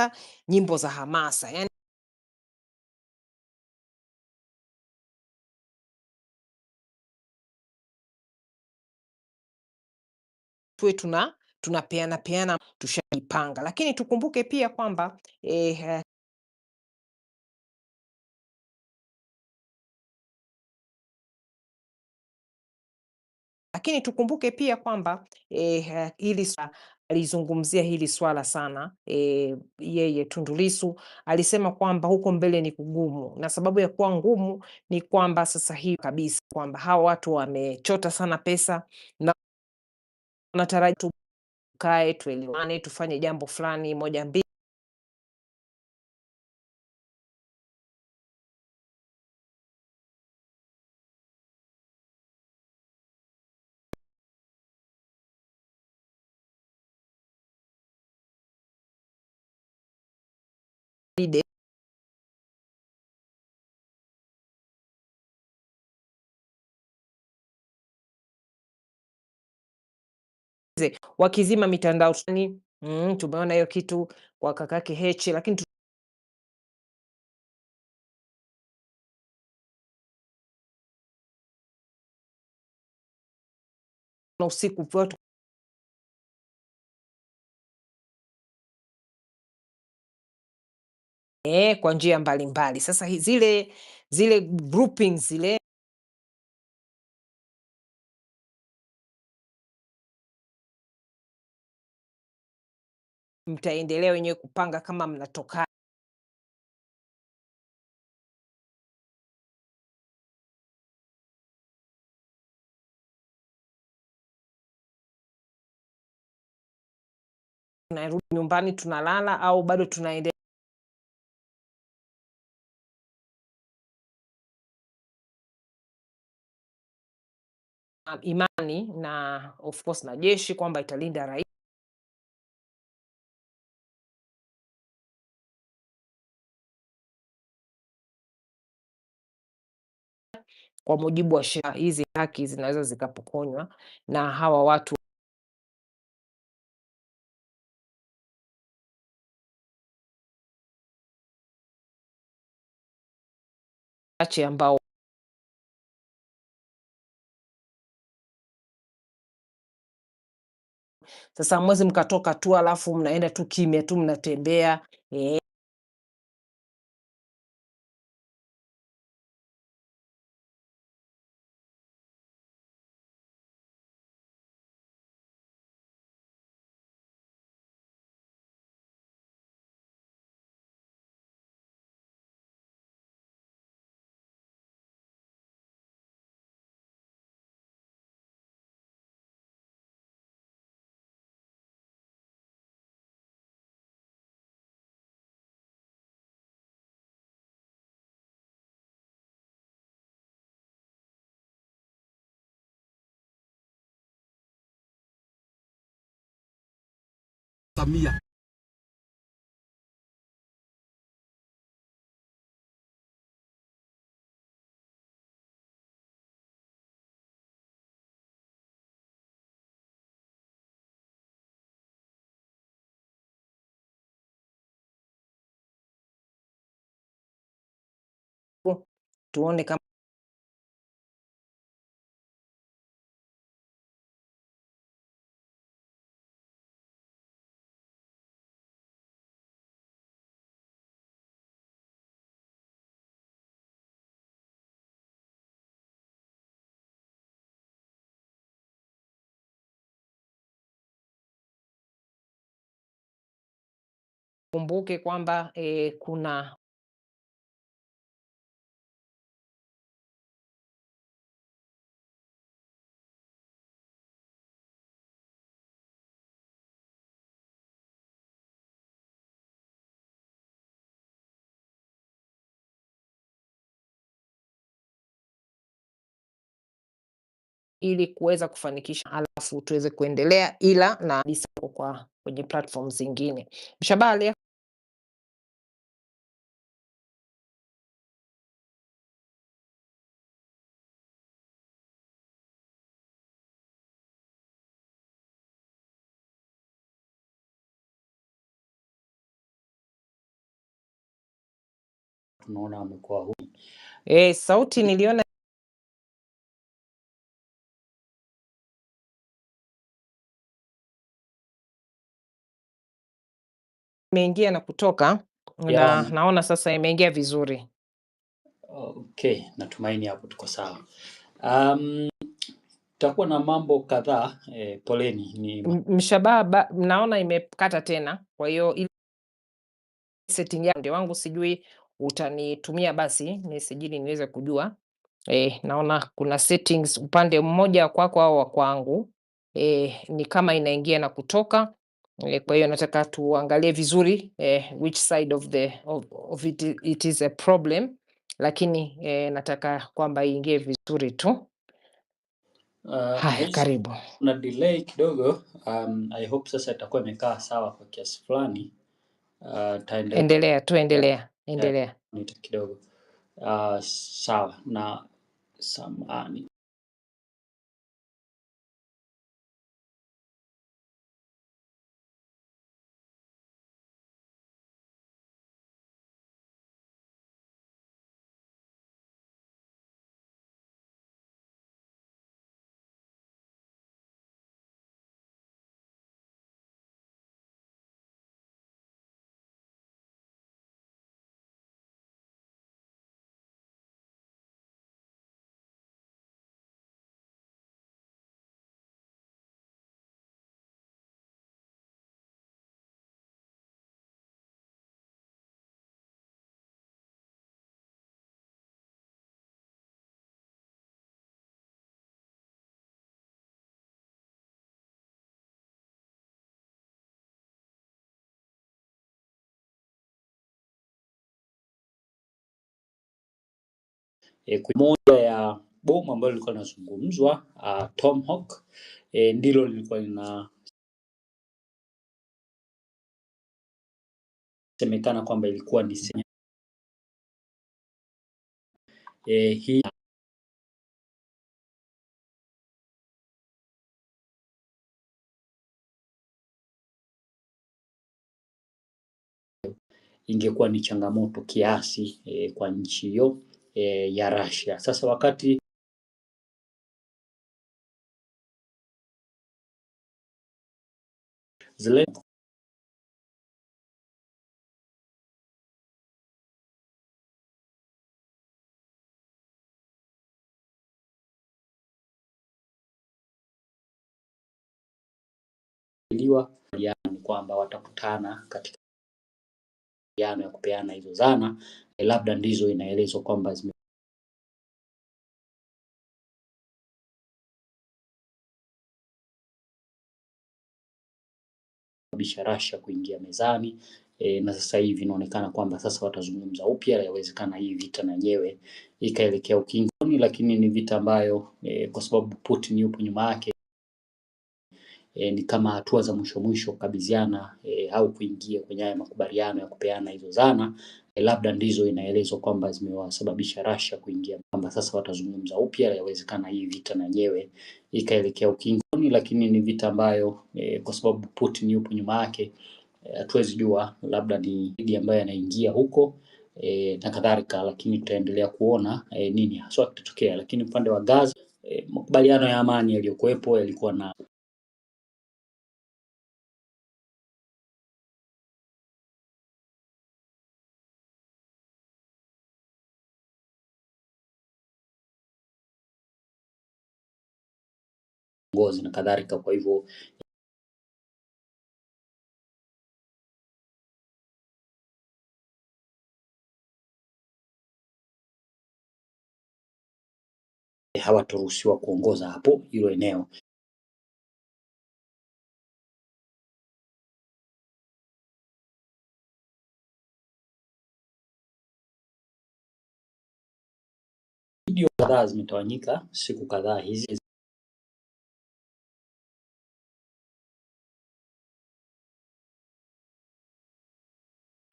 hata nyimbo za hamasa yani tuwe tuna tunapeana peana tushajipanga, lakini tukumbuke pia kwamba eh, Lakini tukumbuke pia kwamba eh, hili alizungumzia hili swala sana e, yeye tundulisu alisema kwamba huko mbele ni kugumu, na sababu ya kuwa ngumu ni kwamba sasa hii kabisa kwamba hawa watu wamechota sana pesa na natarajia tukae tuelewane, tufanye jambo fulani moja mbili l'idée wakizima mitandao tani mm, tumeona hiyo kitu kwa kakake hechi lakini usiku watu e, kwa njia mbalimbali. Sasa zile zile grouping zile mtaendelea wenyewe kupanga kama mnatoka tunarudi nyumbani tunalala au bado tunaendelea imani na of course na jeshi kwamba italinda raia kwa mujibu wa sheria hizi haki zinaweza zikapokonywa na hawa watu wachache ambao Sasa mwezi mkatoka tu, alafu mnaenda tu kimya tu mnatembea e, samia tuone kama Kumbuke kwamba e, eh, kuna ili kuweza kufanikisha, alafu tuweze kuendelea, ila na kwa kwenye platform zingine. Mshabalia tunaona amekuwa huu. E, sauti niliona imeingia na kutoka yeah. naona sasa imeingia vizuri. Okay, natumaini hapo tuko sawa. Um, tutakuwa na mambo kadhaa eh, poleni ni... Mshababa, naona imekata tena, kwa hiyo ile setting ndio wangu sijui utanitumia basi nisijili niweze kujua e, naona kuna settings upande mmoja kwako au wa kwangu e, ni kama inaingia na kutoka e, kwa hiyo nataka tuangalie vizuri e, which side of the of, of it, it is a problem lakini e, nataka kwamba iingie vizuri tu. Uh, Hai, karibu. Kuna delay kidogo. Um, I hope sasa itakuwa imekaa sawa kwa kiasi fulani. Uh, endelea tu, endelea. Endelea. Kidogo. Uh, sawa na samani e, moja ya bomu ambalo lilikuwa linazungumzwa uh, Tomahawk e, ndilo lilikuwa lina semekana kwamba ilikuwa ni e, hii ingekuwa ni changamoto kiasi e, kwa nchi hiyo e, ya Russia. Sasa wakati Zelensky kwamba watakutana katika ya kupeana hizo zana e, labda ndizo inaelezwa kwamba zime bisha rasha kuingia mezani e, na sasa hivi inaonekana kwamba sasa watazungumza upya. Yawezekana hii vita na yenyewe ikaelekea ukingoni, lakini ni vita ambayo e, kwa sababu Putin yupo nyuma yake e, ni kama hatua za mwisho mwisho kukabidhiana e, au kuingia kwenye haya makubaliano ya kupeana hizo zana e, labda ndizo inaelezwa kwamba zimewasababisha Russia kuingia, kwamba sasa watazungumza upya, yawezekana hii vita na yenyewe ikaelekea ukingoni, lakini ni vita ambayo e, kwa sababu Putin yupo nyuma yake e, hatuwezi e, jua labda ni idi ambayo anaingia huko e, na kadhalika, lakini tutaendelea kuona e, nini haswa kitatokea. Lakini upande wa Gaza e, makubaliano ya amani yaliyokuwepo yalikuwa na ngozi na kadhalika. Kwa hivyo hawataruhusiwa kuongoza hapo hilo eneo. Video kadhaa zimetawanyika siku kadhaa hizi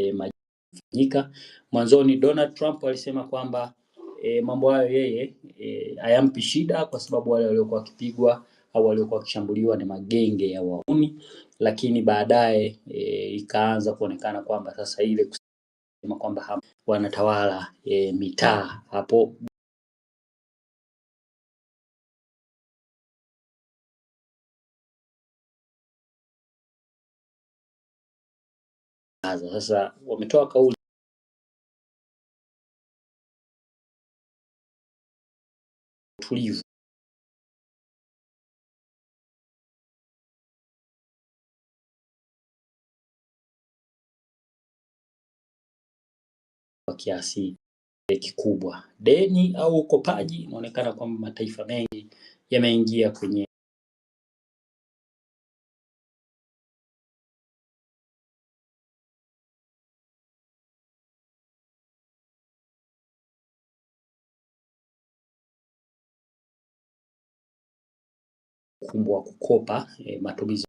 e, majifanyika. Mwanzoni Donald Trump alisema kwamba e, mambo hayo yeye e, hayampi shida kwa sababu wale waliokuwa wakipigwa au waliokuwa wakishambuliwa ni magenge ya wauni, lakini baadaye e, ikaanza kuonekana kwamba sasa ile kusema kwamba wanatawala e, mitaa hapo kuwakataza. Sasa wametoa kauli tulivu kwa kiasi kikubwa. Deni au ukopaji, inaonekana kwamba mataifa mengi yameingia kwenye ukubwa wa kukopa e, matumizi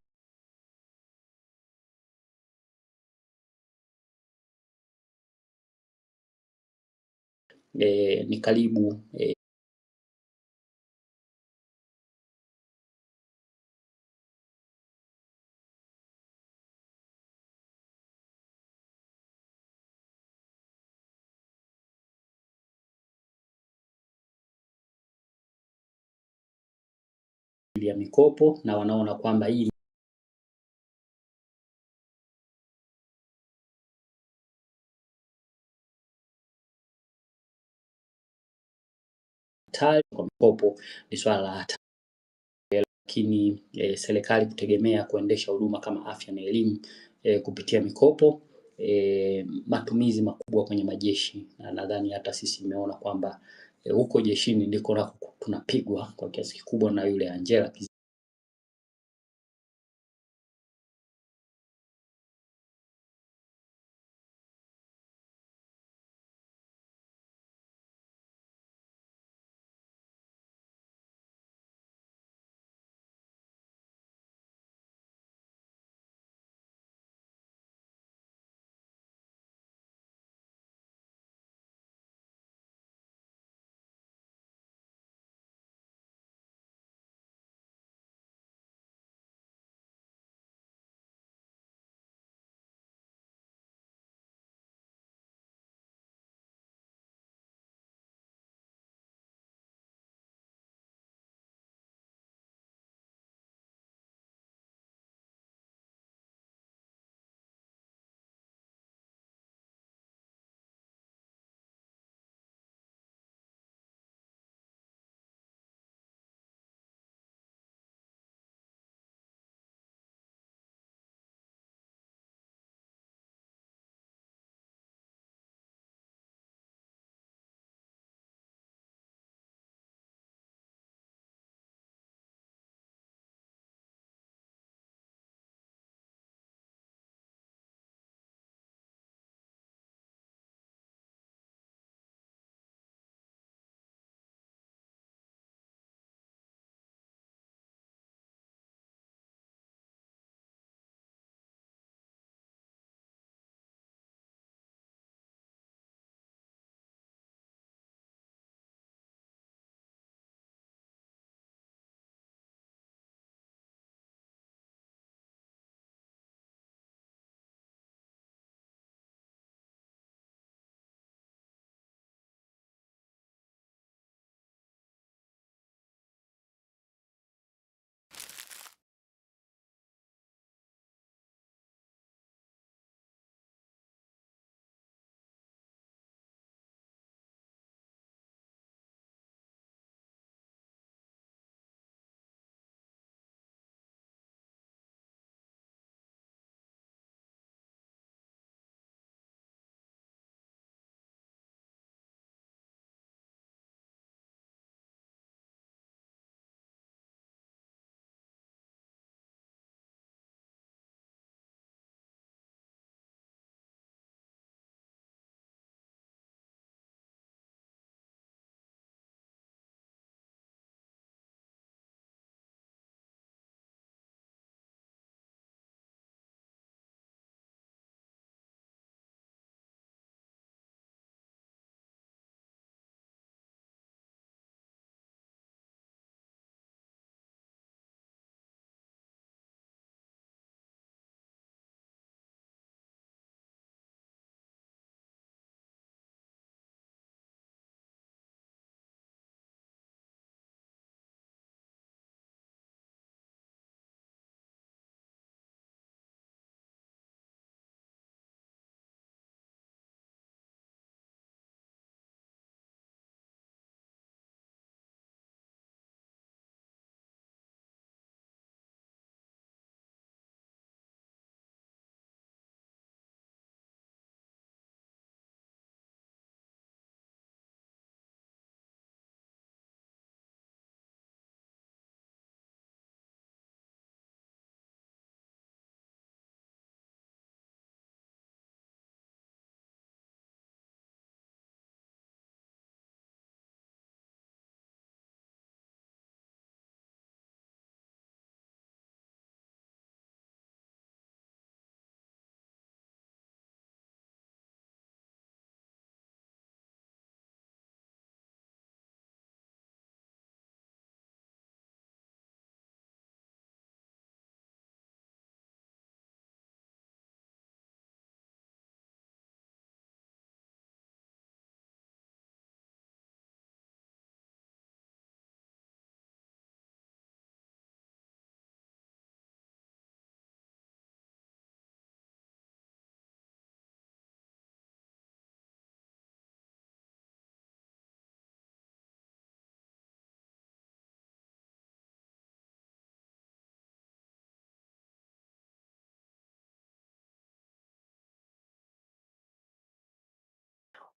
e, ni karibu e, kuchukulia mikopo na wanaona kwamba hii kwa mikopo ni swala la hatari, lakini e, serikali kutegemea kuendesha huduma kama afya na elimu e, kupitia mikopo e, matumizi makubwa kwenye majeshi, na nadhani hata sisi imeona kwamba e, huko jeshini ndiko tunapigwa kwa kiasi kikubwa na yule Angela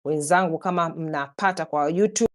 wenzangu, kama mnapata kwa YouTube.